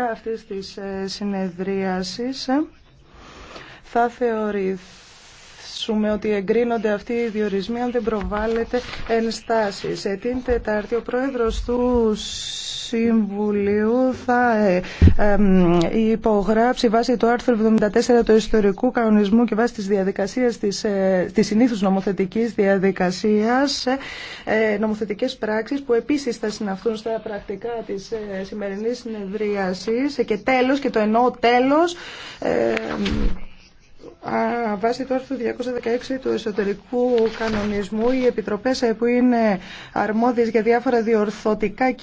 αυτής της ε, συνεδρίασης ε, θα θεωρήσουμε ότι εγκρίνονται αυτοί οι διορισμοί αν δεν προβάλλεται ενστάσεις. Ε, την Τετάρτη ο πρόεδρος του Συμβουλίου θα ε, υπογράψει βάσει του άρθρου 74 του ιστορικού κανονισμού και βάσει της διαδικασίας της, ε, της συνήθους νομοθετικής διαδικασίας ε, νομοθετικές πράξεις που επίσης θα συναυτούν στα πρακτικά της σημερινής συνεδρίασης και τέλος και το εννοώ τέλος βάσει του άρθρου 216 του εσωτερικού κανονισμού οι επιτροπές που είναι αρμόδιες για διάφορα διορθωτικά κείμενα